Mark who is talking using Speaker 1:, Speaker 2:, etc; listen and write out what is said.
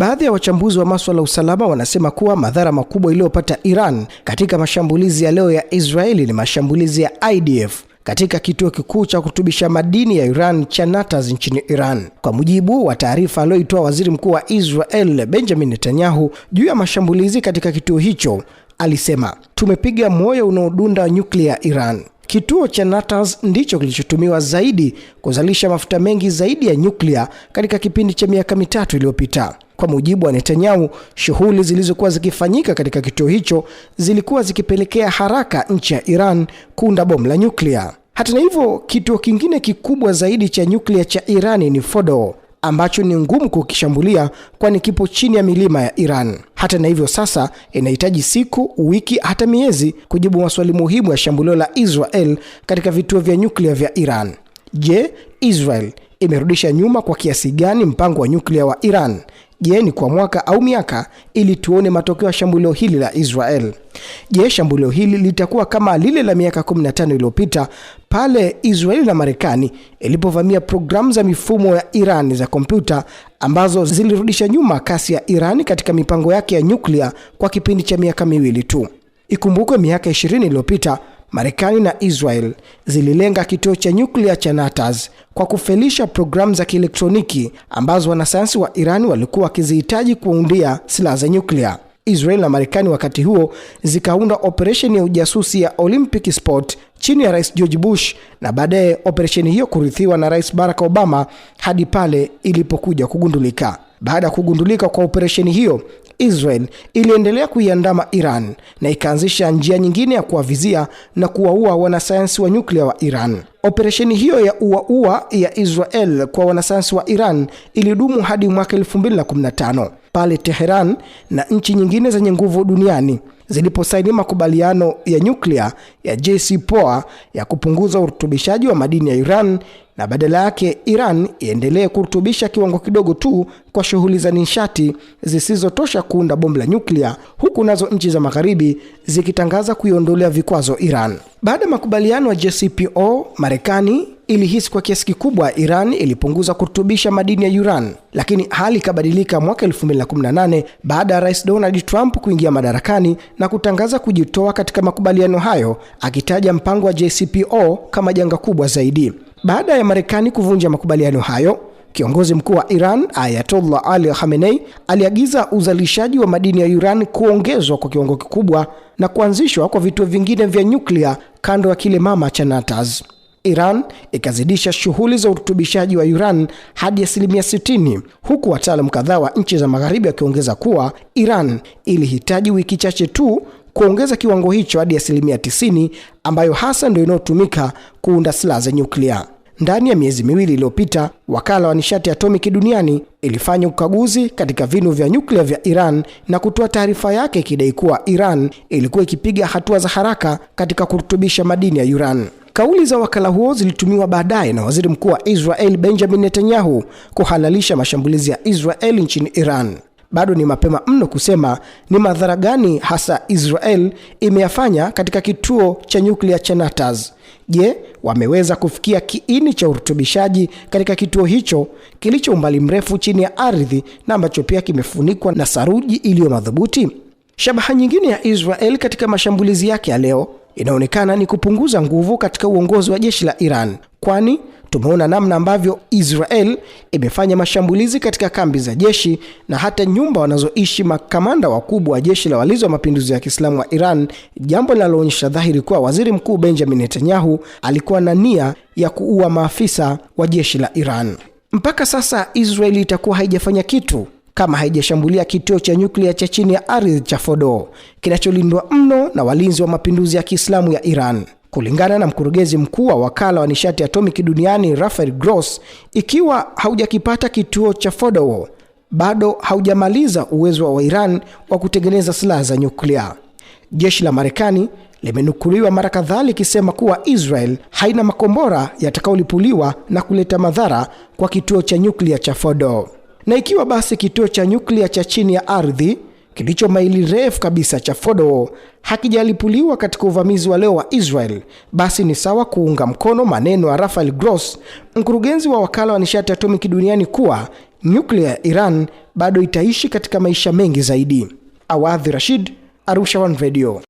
Speaker 1: Baadhi ya wachambuzi wa maswala ya usalama wanasema kuwa madhara makubwa iliyopata Iran katika mashambulizi ya leo ya Israeli ni mashambulizi ya IDF katika kituo kikuu cha kutubisha madini ya Iran cha Natanz nchini Iran. Kwa mujibu wa taarifa aliyoitoa Waziri Mkuu wa Israel Benjamin Netanyahu juu ya mashambulizi katika kituo hicho, alisema tumepiga moyo unaodunda nyuklia ya Iran. Kituo cha Natanz ndicho kilichotumiwa zaidi kuzalisha mafuta mengi zaidi ya nyuklia katika kipindi cha miaka mitatu iliyopita. Kwa mujibu wa Netanyahu, shughuli zilizokuwa zikifanyika katika kituo hicho zilikuwa zikipelekea haraka nchi ya Iran kuunda bomu la nyuklia. Hata hivyo, kituo kingine kikubwa zaidi cha nyuklia cha Irani ni Fordo ambacho ni ngumu kukishambulia kwani kipo chini ya milima ya Iran. Hata na hivyo, sasa inahitaji siku, wiki, hata miezi kujibu maswali muhimu ya shambulio la Israel katika vituo vya nyuklia vya Iran. Je, Israel imerudisha nyuma kwa kiasi gani mpango wa nyuklia wa Iran? Je, ni kwa mwaka au miaka ili tuone matokeo ya shambulio hili la Israel? Je, shambulio hili litakuwa kama lile la miaka 15 iliyopita pale Israeli na Marekani ilipovamia programu za mifumo ya Iran za kompyuta ambazo zilirudisha nyuma kasi ya Iran katika mipango yake ya nyuklia kwa kipindi cha miaka miwili tu? Ikumbukwe miaka 20 iliyopita Marekani na Israel zililenga kituo cha nyuklia cha Natanz kwa kufelisha programu za kielektroniki ambazo wanasayansi wa Irani walikuwa wakizihitaji kuundia silaha za nyuklia. Israel na Marekani wakati huo zikaunda operesheni ya ujasusi ya Olympic Sport chini ya Rais George Bush na baadaye operesheni hiyo kurithiwa na Rais Barack Obama hadi pale ilipokuja kugundulika. Baada ya kugundulika kwa operesheni hiyo, Israel iliendelea kuiandama Iran na ikaanzisha njia nyingine ya kuwavizia na kuwaua wanasayansi wa nyuklia wa Iran. Operesheni hiyo ya uaua ya Israel kwa wanasayansi wa Iran ilidumu hadi mwaka 2015 pale Teheran na nchi nyingine zenye nguvu duniani ziliposaini makubaliano ya nyuklia ya JCPOA ya kupunguza urutubishaji wa madini ya Iran na badala yake Iran iendelee kurutubisha kiwango kidogo tu kwa shughuli za nishati zisizotosha kuunda bomu la nyuklia, huku nazo nchi za magharibi zikitangaza kuiondolea vikwazo Iran. Baada ya makubaliano ya JCPOA, Marekani ilihisi kwa kiasi kikubwa Iran ilipunguza kurutubisha madini ya uran lakini hali ikabadilika mwaka 2018 baada ya Rais Donald Trump kuingia madarakani na kutangaza kujitoa katika makubaliano hayo, akitaja mpango wa jcpo kama janga kubwa zaidi. Baada ya Marekani kuvunja makubaliano hayo, Kiongozi mkuu wa Iran Ayatollah Ali Khamenei aliagiza uzalishaji wa madini ya uran kuongezwa kwa kiwango kikubwa na kuanzishwa kwa vituo vingine vya nyuklia kando ya kile mama cha Natanz. Iran ikazidisha shughuli za urutubishaji wa Iran hadi asilimia 60, huku wataalam kadhaa wa nchi za magharibi wakiongeza kuwa Iran ilihitaji wiki chache tu kuongeza kiwango hicho hadi asilimia 90, ambayo hasa ndio inayotumika kuunda silaha za nyuklia. Ndani ya miezi miwili iliyopita, wakala wa nishati atomiki duniani ilifanya ukaguzi katika vinu vya nyuklia vya Iran na kutoa taarifa yake ikidai kuwa Iran ilikuwa ikipiga hatua za haraka katika kurutubisha madini ya urani. Kauli za wakala huo zilitumiwa baadaye na waziri mkuu wa Israel Benjamin Netanyahu kuhalalisha mashambulizi ya Israel nchini Iran. Bado ni mapema mno kusema ni madhara gani hasa Israel imeyafanya katika kituo cha nyuklia cha Natanz. Je, wameweza kufikia kiini cha urutubishaji katika kituo hicho kilicho umbali mrefu chini ya ardhi na ambacho pia kimefunikwa na saruji iliyo madhubuti? Shabaha nyingine ya Israel katika mashambulizi yake ya leo inaonekana ni kupunguza nguvu katika uongozi wa jeshi la Iran, kwani tumeona namna ambavyo Israel imefanya mashambulizi katika kambi za jeshi na hata nyumba wanazoishi makamanda wakubwa wa jeshi la walinzi wa mapinduzi ya Kiislamu wa Iran, jambo linaloonyesha dhahiri kuwa waziri mkuu Benjamin Netanyahu alikuwa na nia ya kuua maafisa wa jeshi la Iran. Mpaka sasa Israeli itakuwa haijafanya kitu kama haijashambulia kituo cha nyuklia cha chini ya ardhi cha Fordo kinacholindwa mno na walinzi wa mapinduzi ya Kiislamu ya Iran. Kulingana na mkurugenzi mkuu wa wakala wa nishati atomiki duniani Rafael Gross, ikiwa haujakipata kituo cha Fordo bado haujamaliza uwezo wa Iran wa kutengeneza silaha za nyuklia. Jeshi la Marekani limenukuliwa mara kadhaa likisema kuwa Israel haina makombora yatakayolipuliwa na kuleta madhara kwa kituo cha nyuklia cha Fordo. Na ikiwa basi kituo cha nyuklia cha chini ya ardhi kilicho maili refu kabisa cha Fordo hakijalipuliwa katika uvamizi wa leo wa Israel, basi ni sawa kuunga mkono maneno ya Rafael Gross, mkurugenzi wa wakala wa nishati atomiki duniani kuwa nyuklia ya Iran bado itaishi katika maisha mengi zaidi. Awadhi Rashid, Arusha One Radio.